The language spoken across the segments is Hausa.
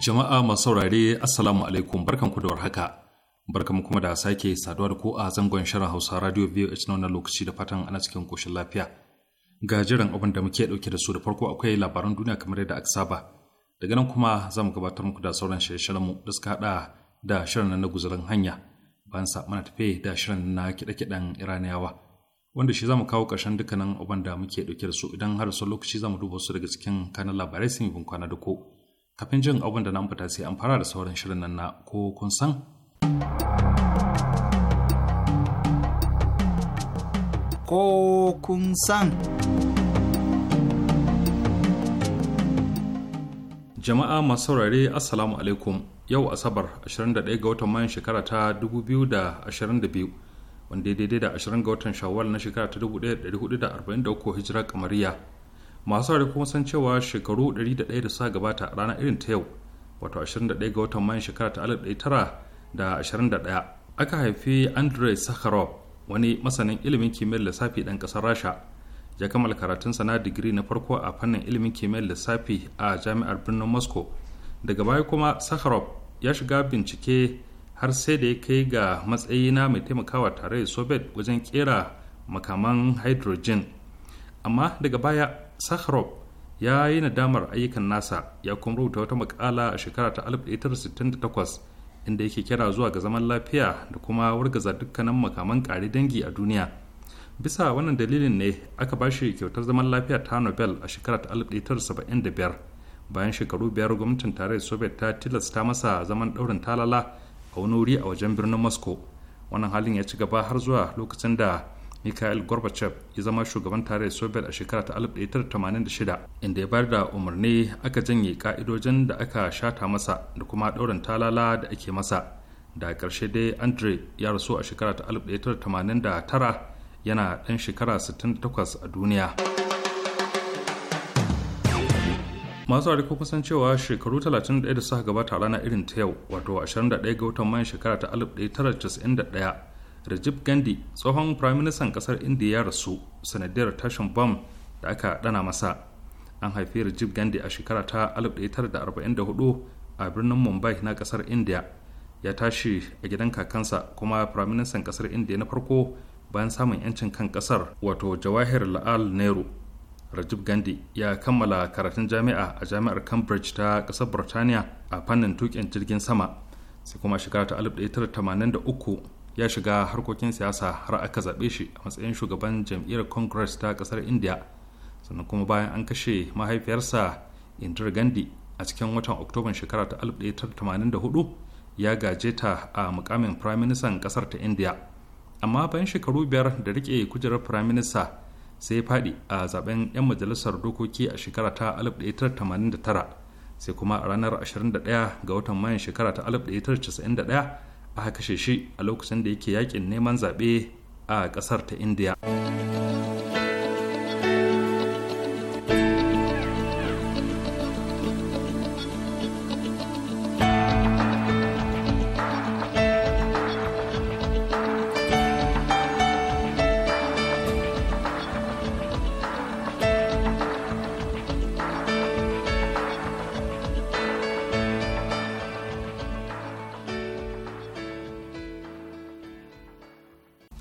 Jama'a masu saurare Assalamu alaikum barkanku da warhaka. barkan kuma da sake saduwa da ku a zangon shirin Hausa Radio a na wannan lokaci da fatan ana cikin koshin lafiya. Ga jiran abin da muke dauke da su da farko akwai labaran duniya kamar yadda aka saba. Daga nan kuma za mu gabatar muku da sauran shirye-shiryen mu da suka hada da shirin na guzurin hanya. Bayan sa muna tafe da shirin na kiɗe-kiɗen Iraniyawa. wanda shi za mu kawo ƙarshen dukkanin abin da muke dauke da su idan har sun lokaci za mu duba su daga cikin kanan labarai sun yi kwana da ko kafin jin abin da na fita sai an fara da sauran shirin nan na ko kun san ko kun san jama'a masu saurare assalamu alaikum yau asabar 21 ga watan mayan shekara ta 2022 wanda daidai da 20 ga watan shawwal na shekara ta 1443 hijira kamariya masu hari kuma san cewa shekaru 101 da suka gabata a ranar irin ta yau wato 21 ga watan mayan shekara ta 1921 aka haifi andrei sakharov wani masanin ilimin kimiyyar lissafi ɗan ƙasar rasha ya kammala karatunsa na digiri na farko a fannin ilimin kimiyyar lissafi a jami'ar birnin moscow daga baya kuma sakharov ya shiga bincike har sai da ya kai ga matsayi na mai taimakawa tare da soviet wajen kera makaman hydrogen amma daga baya sakharov ya yi nadamar ayyukan nasa ya kuma rubuta wata makala a shekara ta 1968 inda yake kira zuwa ga zaman lafiya da kuma wargaza dukkanin makaman kare dangi a duniya bisa wannan dalilin ne aka ba shi kyautar zaman lafiya ta nobel a shekara ta 1975 bayan shekaru biyar gwamnatin tarayyar soviet ta tilasta masa zaman daurin talala a wani wuri a wajen birnin moscow wannan halin ya ci gaba har zuwa lokacin da mikhail gorbachev ya zama shugaban tarayyar soviet a shekara ta 1986 inda ya bayar da umarni aka janye ka'idojin da aka shata masa da kuma ɗaurin talala da ake masa da ƙarshe dai andre ya rasu a shekara ta 1989 yana ɗan shekara 68 a duniya masu ko kusan cewa shekaru 31 da suka gabata a rana irin ta yau wato 21 ga watan mayan shekara ta 1991 Rajib Gandhi tsohon firaministan ƙasar Indiya ya rasu sanadiyar tashin bam da aka dana masa. An haifi Rajib Gandhi a shekara ta 1944 a birnin Mumbai na kasar Indiya. Ya tashi a gidan kakansa kuma firaministan kasar Indiya na farko bayan samun 'yancin kan kasar wato Jawahir La'al Nehru. Rajib Gandhi ya kammala karatun jami'a a jami'ar Cambridge ta kasar Burtaniya a fannin tukin jirgin sama. Sai kuma shekara ta 1983 ya shiga harkokin siyasa har aka zaɓe shi a matsayin shugaban jam'iyyar congress ta ƙasar india sannan kuma bayan an kashe mahaifiyarsa indira gandhi a cikin watan oktoban shekara ta 1984 ya gaje ta a mukamin firaministan ƙasar ta india amma bayan shekaru biyar da rike kujerar firaminista sai ya faɗi a zaben 'yan majalisar dokoki a shekara ta 1989 sai kuma a ranar 21 ga watan mayan shekara ta 1991 aka kashe shi a lokacin da yake yakin neman zaɓe a ƙasar ta indiya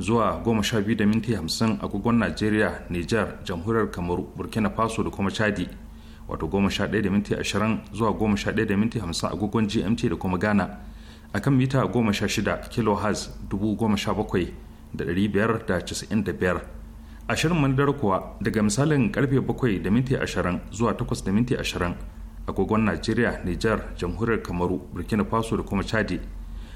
zuwa goma sha biyu da minti hamsin agogon najeriya nijar jamhuriyar kamaru burkina faso da kuma chadi wato goma sha ɗaya da zuwa goma sha ɗaya agogon gmt da kuma ghana akan mita goma sha shida A dubu goma sha bakwai da biyar da ashirin kuwa daga misalin karfe bakwai da minti ashirin zuwa takwas da minti ashirin agogon najeriya nijar jamhuriyar kamaru burkina faso da kuma chadi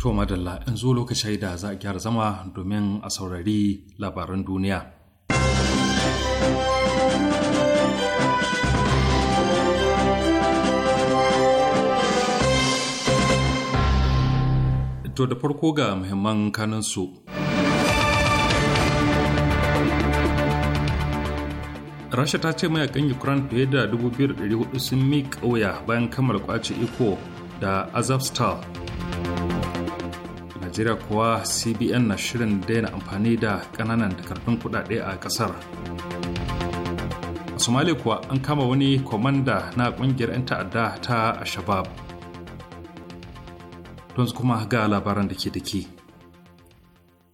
To madalla in zo lokaci da za a gyara zama domin a saurari labaran duniya. To da farko ga muhimman kaninsu. Rasha ta ce mayakan Ukraine fiye da 2,400 sun mi ƙauya bayan kammala kwace iko da Azovstal najeriya kuwa cbn na shirin daina amfani da kananan takardun kudade a kasar a somalia kuwa an kama wani kwamanda na kungiyar 'yan ta'adda ta ashabab don kuma ga labaran da ke dake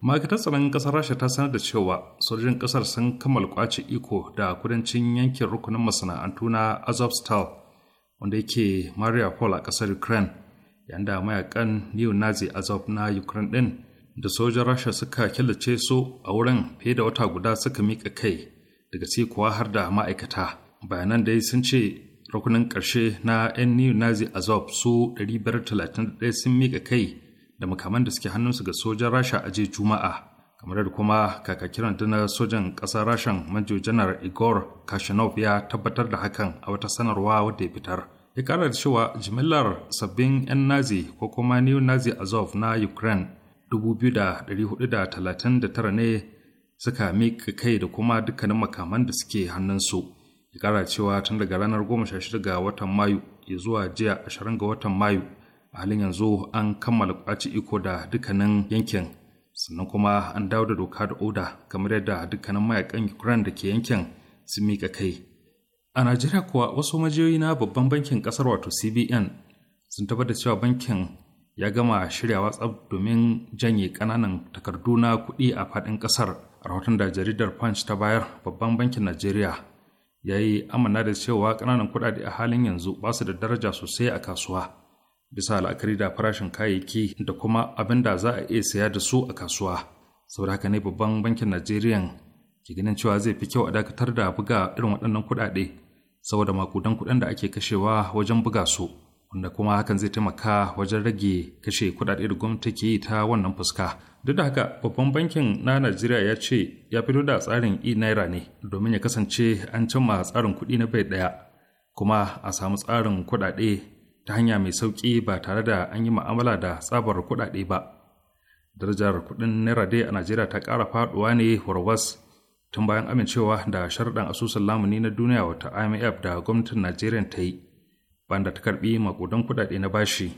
ma'aikatar tsaron kasar rasha ta sanar da cewa sojojin kasar sun kammala kwace iko da kudancin yankin rukunin masana'antu na azovstal wanda yake paul a kasar ukraine yanda mayakan neo-nazi azov na ukraine din da sojan rasha suka killace su a wurin fiye da wata guda suka mika kai daga ciki kuwa har da ma'aikata bayanan dai sun ce rukunin ƙarshe na 'yan neo-nazi azov su 531 sun mika kai da makaman da suke hannunsu ga sojan rasha a juma'a kamar da kuma kakakiran na sojan ƙasar rashan manjo janar igor kashinov ya tabbatar da hakan a wata sanarwa wadda ya fitar ya da cewa jimillar sabbin 'yan nazi ko kuma new nazi azov na ukraine 2,439 ne suka miƙa kai da kuma dukkanin makaman da suke hannunsu ya kara cewa tun daga ranar 16 ga watan mayu ya zuwa jiya 20 ga watan mayu a halin yanzu an kammala kwaci iko da dukkanin yankin sannan kuma an dawo da doka da oda kamar yadda dukkanin mayakan ukraine da ke yankin sun miƙa kai a najeriya kuwa wasu majiyoyi na babban bankin kasar wato cbn sun da cewa bankin ya gama shirya tsab domin janye kananan takardu na kuɗi a faɗin ƙasar a rahoton da jaridar punch ta bayar babban bankin najeriya ya yi amana da cewa kananan kuɗaɗe a halin yanzu ba su da daraja sosai a kasuwa bisa la'akari da farashin kayayyaki da kuma abin da za a iya saya da su a kasuwa saboda haka ne babban bankin najeriya ke ganin cewa zai fi kyau a dakatar da buga irin waɗannan kuɗaɗe saboda makudan kuɗin da ake kashewa wajen buga su wanda kuma hakan zai taimaka wajen rage kashe kuɗaɗe da gwamnati ke yi ta wannan fuska duk da haka babban bankin na najeriya ya ce ya fito da tsarin e naira ne domin ya kasance an cimma tsarin kuɗi na bai ɗaya kuma a samu tsarin kuɗaɗe ta hanya mai sauƙi ba tare da an yi ma'amala da tsabar kuɗaɗe ba darajar kuɗin naira dai a najeriya ta ƙara faɗuwa ne warwas tun bayan amincewa da sharɗan asusun lamuni na duniya wata imf da gwamnatin najeriya ta yi banda ta karbi makudan kudade na bashi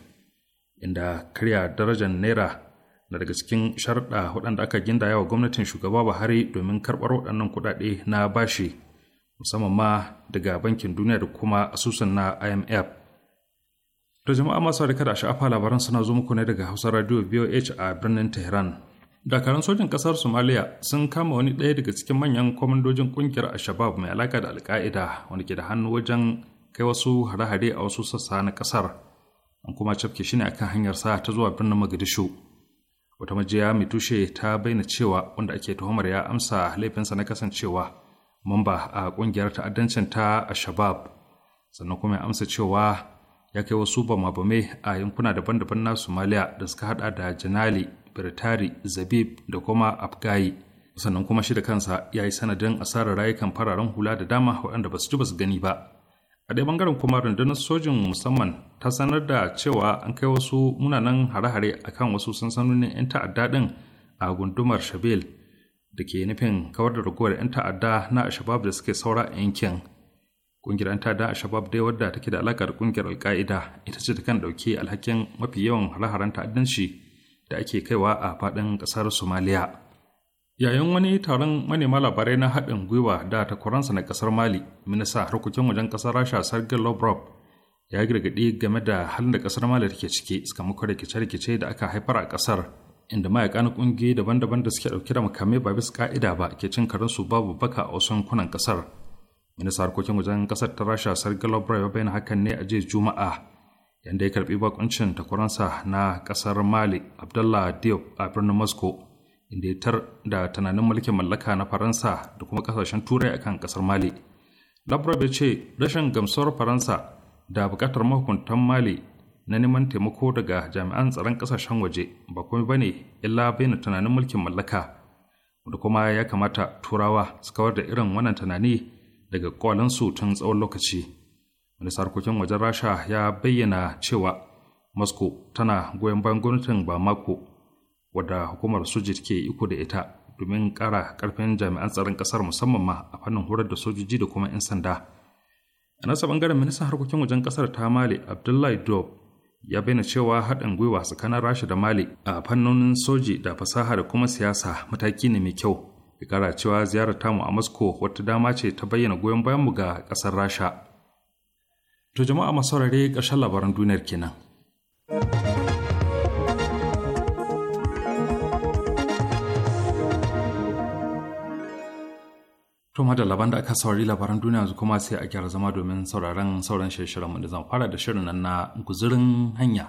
inda karya darajar naira na daga cikin sharɗa waɗanda aka gindaya wa gwamnatin shugaba buhari domin karɓar waɗannan kudade na bashi musamman ma daga bankin duniya da kuma asusun na imf to jama'a masu da kada sha'afa labaran suna zo muku ne daga hausa radio voh a birnin tehran dakarun sojin kasar somaliya sun kama wani ɗaya daga cikin manyan kwamandojin ƙungiyar al-shabab mai alaƙa da alka'ida wanda ke da hannu wajen kai wasu hare-hare a wasu sassa na kasar an kuma cafke shi ne akan hanyar sa ta zuwa birnin magadishu wata majiya mai tushe ta bayyana cewa wanda ake tuhumar ya amsa laifinsa na kasancewa mamba a ƙungiyar ta'addancin ta al-shabab sannan kuma ya amsa cewa ya kai wasu bama-bame a yankuna daban-daban na somaliya da suka haɗa da janali birtari zabib da kuma afgayi sannan kuma shi da kansa ya yi sanadin asarar rayukan fararen hula da dama waɗanda ba su ji ba su gani ba a ɗaya bangaren kuma rundunar sojin musamman ta sanar da cewa an kai wasu munanan hare-hare kan wasu sansanonin 'yan ta'adda ɗin a gundumar shabil da ke nufin kawar da ragowar 'yan ta'adda na ashabab da suke saura a yankin ƙungiyar 'yan ta'adda ashabab dai wadda take da alaƙar ƙungiyar alka'ida ita ce ta kan ɗauki alhakin mafi yawan hare-haren ta'addanci da ake kaiwa a faɗin ƙasar somaliya yayin wani taron manema labarai na haɗin gwiwa da takwaransa na ƙasar mali minista harkokin wajen ƙasar rasha sergei lavrov ya gargaɗi game da halin da ƙasar mali take ciki sakamakon rikice-rikice da aka haifar a ƙasar inda mayaka na ƙungiyoyi daban-daban da suke ɗauke da makamai ba bisa ƙa'ida ba ke cin karensu babu baka a wasu yankunan ƙasar minista harkokin wajen ƙasar ta rasha sergei lavrov ya bayyana hakan ne a jiya juma'a yadda ya karbi bakuncin takwaransa na kasar mali abdullah diop a birnin moscow inda ya tar da tunanin mulkin mallaka na faransa da kuma kasashen turai akan kasar mali lavrov ya ce rashin gamsuwar faransa da bukatar mahukuntan mali na neman taimako daga jami'an tsaron kasashen waje ba kuma bane illa bayyana tunanin mulkin mallaka da kuma ya kamata turawa su kawar da irin wannan tunani daga kwalansu tun tsawon lokaci wani harkokin wajen rasha ya bayyana cewa moscow tana goyon bayan gwamnatin bamako wadda hukumar sujit ke iko da ita domin kara karfin jami'an tsaron kasar musamman ma a fannin horar da sojoji da kuma 'yan sanda a nasa bangaren ministan harkokin wajen kasar ta mali abdullahi dob ya bayyana cewa haɗin gwiwa tsakanin rasha da mali a fannonin soji da fasaha da kuma siyasa mataki ne mai kyau ya kara cewa ziyarar tamu a moscow wata dama ce ta bayyana goyon bayan mu ga ƙasar rasha To jama'a masu saurare ƙarshen labaran duniyar kenan. To da labaran da aka saurari labaran duniya yanzu kuma sai a gyara zama domin sauraron sauran shirye-shiryen da zan fara da shirin nan na guzurin hanya.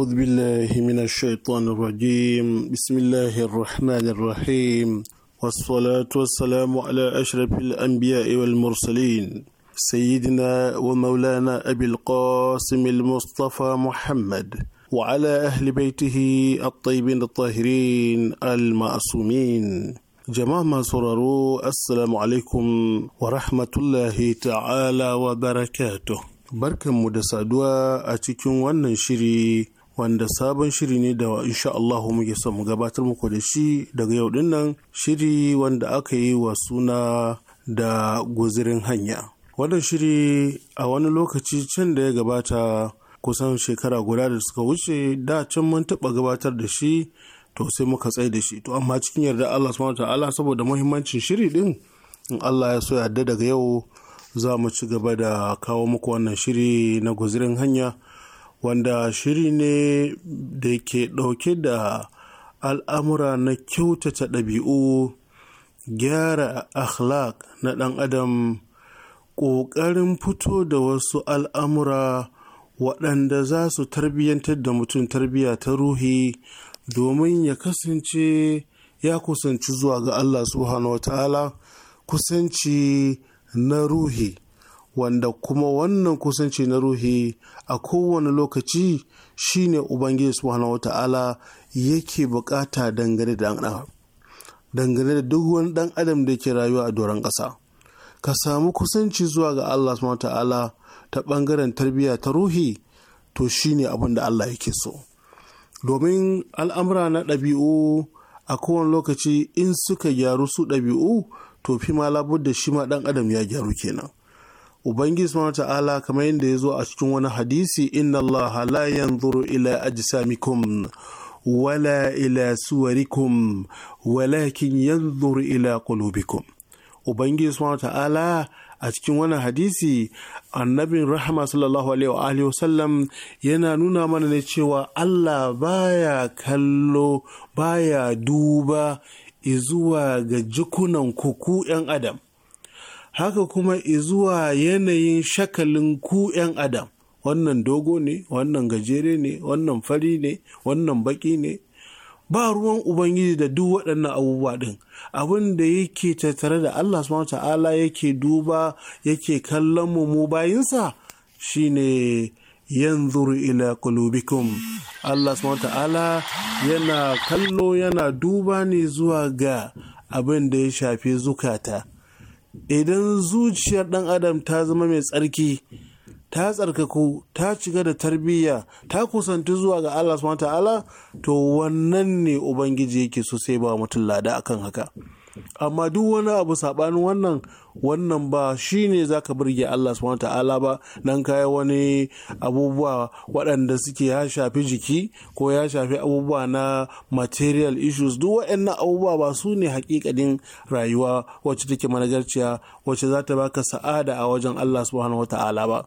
أعوذ بالله من الشيطان الرجيم بسم الله الرحمن الرحيم والصلاة والسلام على أشرف الأنبياء والمرسلين سيدنا ومولانا أبي القاسم المصطفى محمد وعلى أهل بيته الطيبين الطاهرين المعصومين جماعة ما سرروا السلام عليكم ورحمة الله تعالى وبركاته barkanmu da saduwa a cikin wannan shiri wanda sabon shiri ne da insha Allah muke son mu gabatar muku da shi daga yau din nan shiri wanda aka yi wa suna da guzirin hanya. Wannan shiri a wani lokaci can da ya gabata kusan shekara guda da suka wuce da can mun taɓa gabatar da shi to sai muka tsai da shi to amma cikin yarda Allah subhanahu ta'ala saboda muhimmancin shiri din in Allah ya so yarda daga yau za mu ci gaba da kawo muku wannan shiri na guzirin hanya wanda shiri ne da ke ɗauke da al'amura na kyautata ɗabi'u gyara akhlaq na ɗan adam ƙoƙarin fito da wasu al'amura waɗanda za su tarbiyyantar da mutum tarbiyya ta ruhi domin ya kasance ya kusanci zuwa ga Allah subhanahu wa ta'ala kusanci na ruhi wanda kuma wannan kusanci na ruhi a kowane lokaci shine ubangiji subhanahu wata'ala yake bukata dangane da adam dangane da duk wani dan adam da ke rayuwa a doron ƙasa ka samu kusanci zuwa ga allah subhanahu wata'ala ta bangaren tarbiyya ta ruhi to shine abin da allah yake so domin al'amura na ɗabi'u a kowane lokaci in suka gyaru su ɗabi'u to fi ma labar da shi ma ɗan adam ya gyaru kenan ubangiji subhanahu ta'ala kamar yadda ya zo a cikin wani hadisi inna Allah la yanzuru ila ajsamikum wala ila suwarikum walakin yanzuru ila qulubikum ubangiji subhanahu ta'ala a cikin wani hadisi annabin rahama sallallahu alaihi wa sallam yana nuna mana ne cewa Allah baya kallo baya duba izuwa ga jikunan kuku 'yan adam haka kuma zuwa yanayin shakalin ku 'yan adam wannan dogo ne wannan gajere ne wannan fari ne wannan baki ne ba ruwan ubangiji da duk waɗannan abubuwa ɗin abin da yake tattare da allah subhanahu ta'ala yake duba yake kallon mu mu bayinsa shine yanzuru ila qulubikum allah subhanahu ta'ala yana kallo yana duba ne zuwa ga abin da ya shafi zukata idan zuciyar ɗan adam ta zama mai tsarki ta tsarkaku ta shiga da tarbiyya ta kusanci zuwa ga Allah subhanahu ta'ala to wannan ne ubangiji yake so sai ba mutum lada akan haka amma duk wani abu saɓanin wannan wannan ba shi ne za ka birge Allah subhanahu ta'ala ba nan kaya wani abubuwa waɗanda suke ya shafi jiki ko ya shafi abubuwa na material issues duk waɗannan abubuwa ba su ne hakikadin rayuwa wacce take manajarciya wacce za ta baka sa'ada a wajen Allah subhanahu ta'ala ba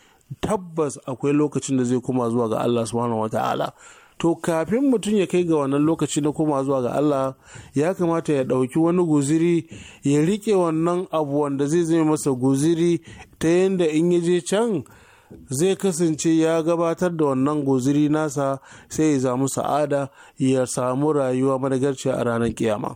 tabbas akwai lokacin da zai koma zuwa ga Allah subhanahu ta'ala to kafin mutum ya kai ga wannan lokaci na koma zuwa ga Allah ya kamata ya ɗauki wani guziri ya riƙe wannan abu wanda zai zama masa guziri ta yadda in ya je can zai kasance ya gabatar da wannan guziri nasa sai ya samu sa'ada ya samu rayuwa managarci a ranar kiyama.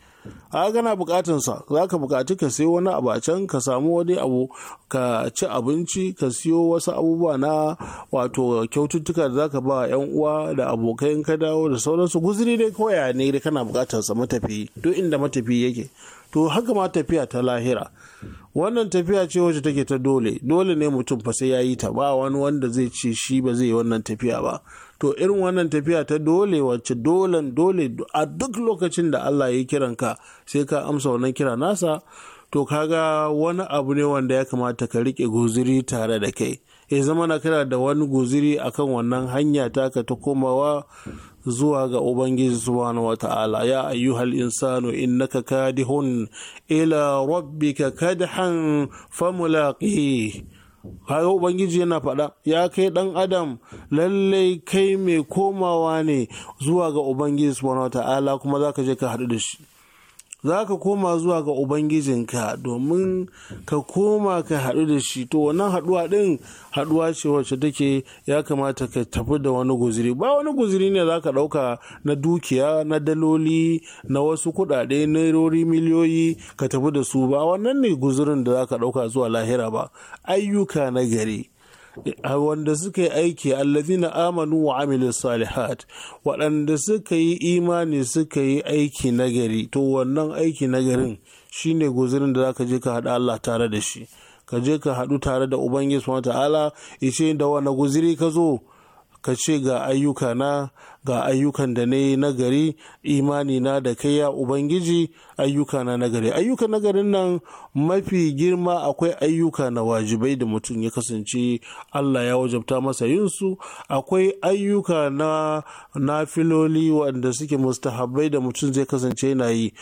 a kana bukatunsa za ka bukaci ka sayo wani abu a can ka samu wani abu ka ci abinci ka siyo wasu abubuwa na wato kyaututtuka da za ka ba yan uwa da abokan ka dawo da sauransu guzuri dai koya ne da kana bukatarsa matafi duk inda matafi yake to haka ma tafiya ta lahira wannan tafiya ce wacce take ta dole dole ne mutum fa sai ya yi ta ba wani wanda zai ce shi ba zai yi wannan tafiya ba to irin wannan tafiya ta dole wacce dolen dole a duk lokacin da Allah ya kiran ka sai ka amsa wannan kira nasa to kaga wani abu ne wanda ya kamata ka rike guziri tare da kai ya zama na kana da wani guziri akan wannan hanya taka ta komawa zuwa ga ubangiji subhanahu wata'ala ya ayyuhal insanu innaka kadihun ila rabbika kadhan famulaqi kaga ubangiji yana faɗa ya kai ɗan adam lallai kai mai komawa ne zuwa ga ubangiji subhanahu ta'ala kuma za ka je ka haɗu da shi za ka koma zuwa ga ubangijinka domin ka koma ka haɗu da shi to wannan haɗuwa ɗin haɗuwa ce wacce take ya kamata ka tafi da wani guziri ba wani guziri ne za ka ɗauka na dukiya na daloli na wasu kuɗaɗe rori miliyoyi ka tafi da su ba wannan ne guzirin da za ka ɗauka zuwa lahira ba ayyuka na gari wanda suka yi aiki allazina amanu wa amilin salihat waɗanda suka yi imani suka yi aiki nagari to wannan aiki nagarin shine guzirin da zaka je ka haɗa Allah tare da shi ka je ka haɗu tare da ubangiji subhanahu ta'ala ishe da wani guziri ka zo ka ce ga ayyuka na ga ayyukan da na yi nagari imani na da kai ya ubangiji ayyuka na nagari ayyuka nagarin nan mafi girma akwai ayyuka na wajibai da mutum ya kasance allah ya wajabta masa yin su akwai ayyuka na nafiloli wanda suke mustahabbai da mutum zai kasance yana yi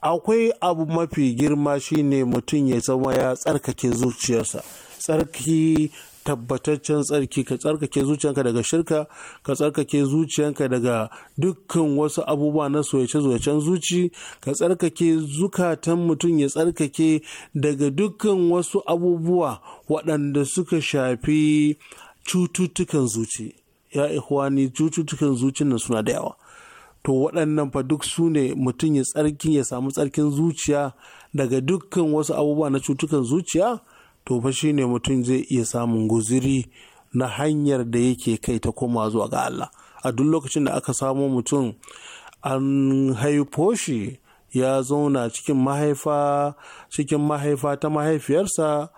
akwai abu mafi girma shine mutum ya zama ya tsarkake zuciyarsa tsarki tabbataccen tsarki ka tsarkake zuciyanka daga shirka ka tsarkake zuciyanka daga dukkan wasu abubuwa na soyace zuwacen zuci ka tsarkake zukatan mutum ya tsarkake daga dukkan wasu abubuwa waɗanda suka shafi cututtukan zuci ya ihwani cututtukan zuci nan suna da yawa to waɗannan fa duk su ne mutum ya tsarki ya samu tsarkin zuciya daga dukkan wasu abubuwa na cutukan zuciya to fa shine mutum zai iya samun guziri na hanyar da yake kai ta koma zuwa ga Allah a duk lokacin da aka samo mutum an haifo shi ya zauna cikin mahaifa cikin mahaifa ta mahaifiyarsa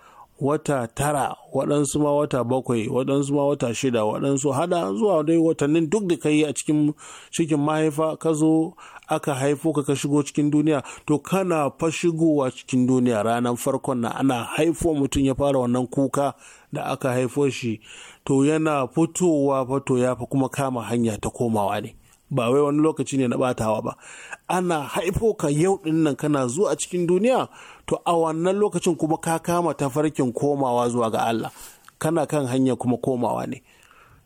wata tara waɗansu ma wata bakwai waɗansu ma wata shida waɗansu hada zuwa dai watannin duk da kai a cikin cikin mahaifa ka zo aka haifo ka ka shigo cikin duniya to kana fa shigowa cikin duniya ranar farkon na ana haifo mutum ya fara wannan kuka da aka haifo shi to yana fitowa fa to ya fa kuma kama hanya ta komawa ne ba wai wani lokaci ne na batawa ba ana haifo ka yau din nan kana zuwa cikin duniya to a wannan lokacin kuma ka kama tafarkin komawa zuwa ga Allah kana kan hanya kuma komawa ne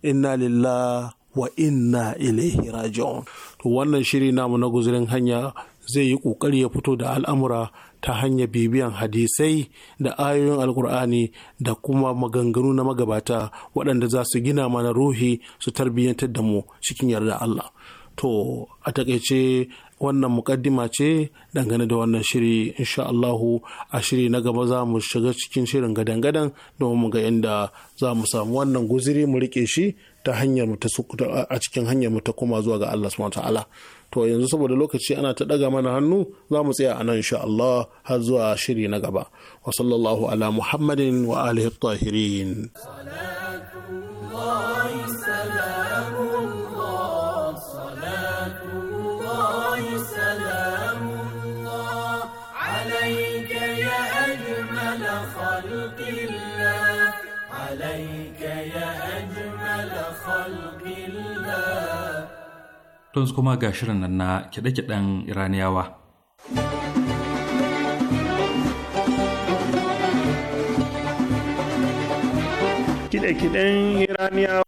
inna lillahi wa inna ilaihi raji'un to wannan shiri namu na guzurin hanya zai yi kokari ya fito da al'amura ta hanyar bibiyan hadisai da ayoyin alkur'ani da kuma maganganu na magabata waɗanda za su gina mana ruhi su tarbiyyantar da mu cikin yarda Allah to a takaice wannan mukaddima ce dangane da wannan shiri insha Allahu a shiri na gaba za mu shiga cikin shirin gadan-gadan domin mu ga inda za mu samu wannan guziri mu rike shi ta hanyar mu ta a cikin hanyar mu ta koma zuwa ga Allah subhanahu ta'ala to yanzu saboda lokaci ana ta daga mana hannu za mu tsaya anan nan insha Allah har zuwa shiri na gaba wa sallallahu ala muhammadin wa alihi tahirin to yanzu kuma ga shirin nan na kiɗe-kiɗen iraniyawa kiɗe-kiɗen iraniyawa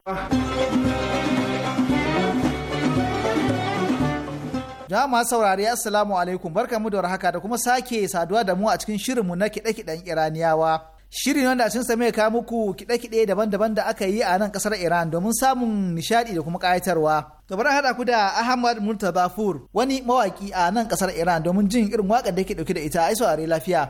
jama'a saurari assalamu alaikum barkamu da haka da kuma sake saduwa da mu a cikin shirinmu na kiɗe-kiɗen iraniyawa shirin wanda sun same ka muku kiɗe-kiɗe daban-daban da aka yi a nan ƙasar Iran domin samun nishaɗi da kuma ƙayatarwa. To bari haɗa ku da Ahmad Murtaza Fur wani mawaki a nan ƙasar Iran domin jin irin waƙar da ke ɗauke da ita a lafiya.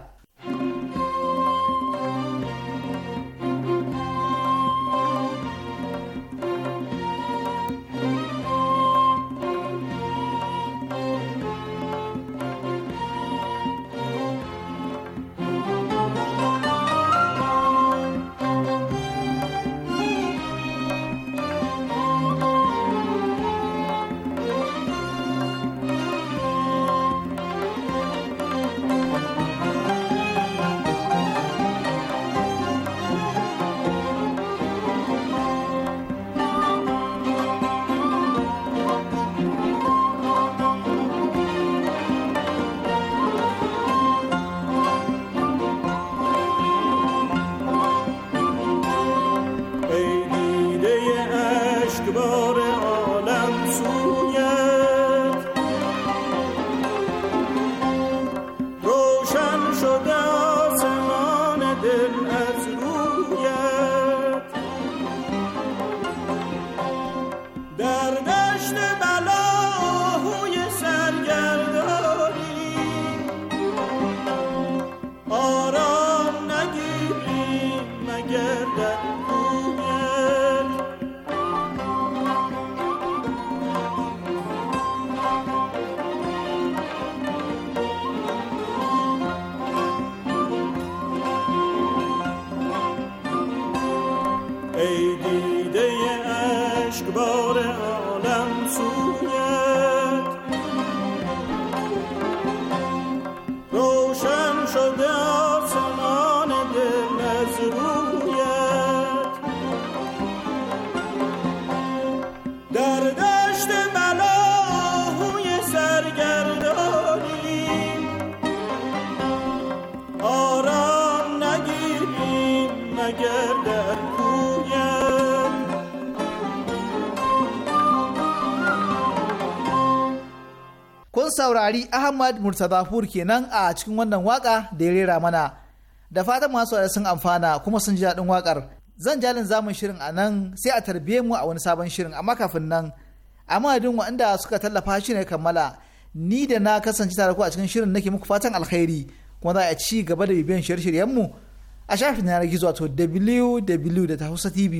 in saurari Ahmad Murtazafur kenan a cikin wannan waka da ya rera mana. Da fatan masu da sun amfana kuma sun ji daɗin wakar. Zan jalin zamun shirin a nan sai a tarbiye mu a wani sabon shirin amma kafin nan. A madadin waɗanda suka tallafa shi ne kammala. Ni da na kasance tare ku a cikin shirin nake muku fatan alkhairi kuma za a ci gaba da bibiyan shirye-shiryen mu a shafin na gizo wato wwwtahusatv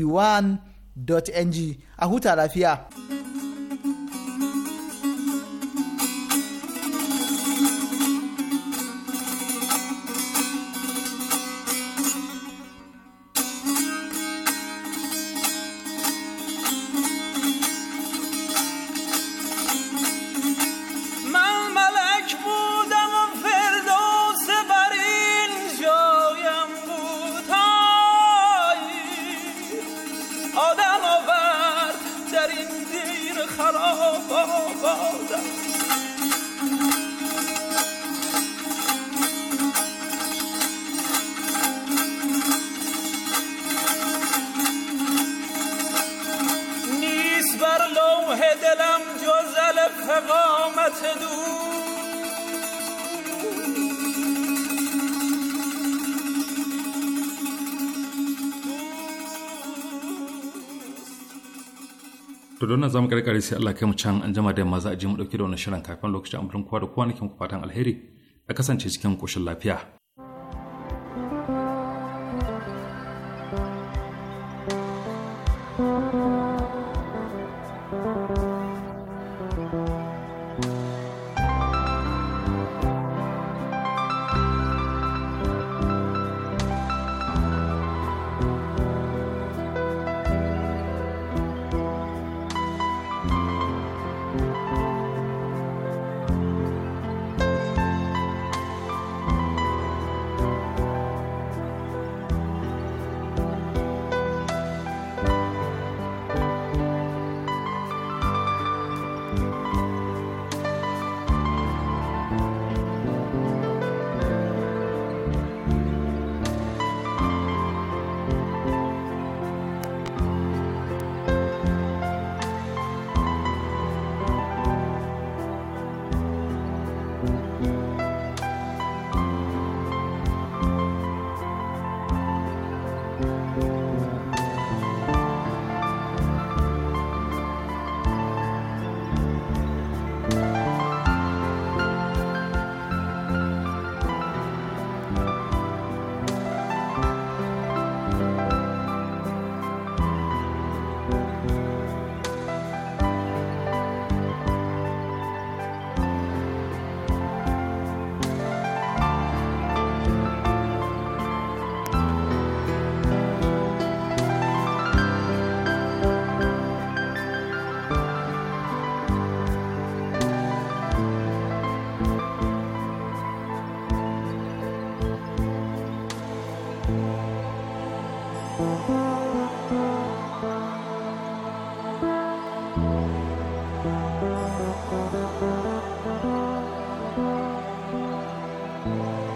1ng a huta lafiya. don nan zamu karkare sai Allah kai mu can an jama da yamma za a je mu dauke da wannan shirin kafin lokacin amfanin kowa da kowa nake muku fatan alheri a kasance cikin koshin lafiya Thank you.